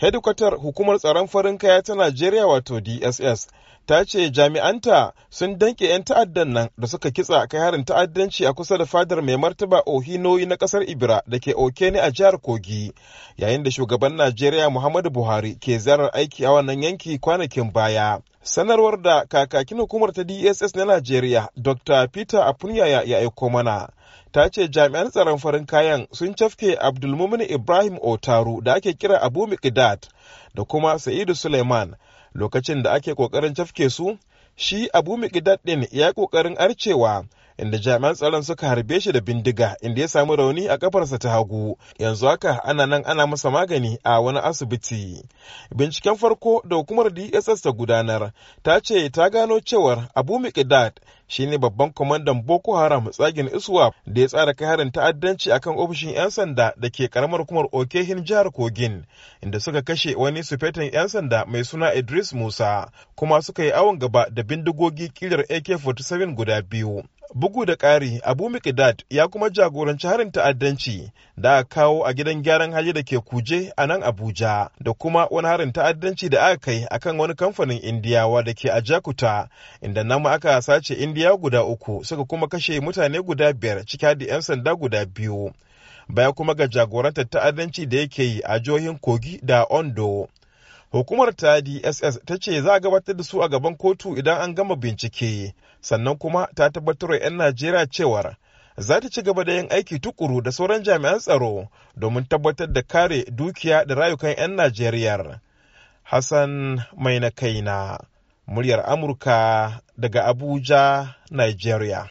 hedikwatar hukumar tsaron farin kaya ta najeriya wato dss ta ce jami'anta sun danke 'yan ta'addan nan da suka kitsa kai harin ta'addanci a kusa da fadar mai martaba ohinoyi na kasar ibira da ke okeni a jihar kogi yayin da shugaban najeriya muhammadu buhari ke ziyarar aiki a wannan yanki kwanakin baya sanarwar da kakakin hukumar ta dss na najeriya dr peter apunyaya ya aiko mana ta ce jami'an tsaron farin kayan sun cafke abdulmumin ibrahim otaru da ake kira abu miqdad da kuma sa'idu suleiman lokacin da ake kokarin cafke su shi abu miqdad din ya yi kokarin arcewa inda jami'an tsaron suka harbe shi da bindiga inda ya samu rauni a kafarsa ta hagu yanzu haka ana nan ana masa magani a wani asibiti binciken farko da hukumar dss ta gudanar ta ce ta gano cewar abu shi shine babban kwamandan boko haram tsagin iswa da ya tsara kai harin ta'addanci akan ofishin 'yan sanda da ke karamar hukumar okehin jihar kogin inda suka kashe wani sufetin 'yan sanda mai suna idris musa kuma suka yi awon gaba da bindigogi kilar ak-47 guda biyu Bugu da ƙari, Abu Miqdad ya kuma jagoranci harin ta'addanci da aka kawo a gidan gyaran hali da ke kuje a nan Abuja da kuma wani harin ta'addanci da aka kai a kan wani kamfanin Indiyawa da ke a Jakuta inda nan aka sace Indiya guda uku suka kuma kashe mutane guda biyar cike da 'yan sanda guda biyu. Baya kuma ga jagorantar ta'addanci da yake yi a jihohin Kogi da Ondo. Hukumar ta DSS ta ce za a gabatar da su a gaban kotu idan an gama bincike, sannan kuma ta tabbatar 'yan Najeriya cewar za ta ci gaba da yin aiki tukuru da sauran jami'an tsaro domin tabbatar da kare dukiya da rayukan 'yan Najeriya. Hassan mai na kaina, muryar Amurka daga Abuja, Nigeria.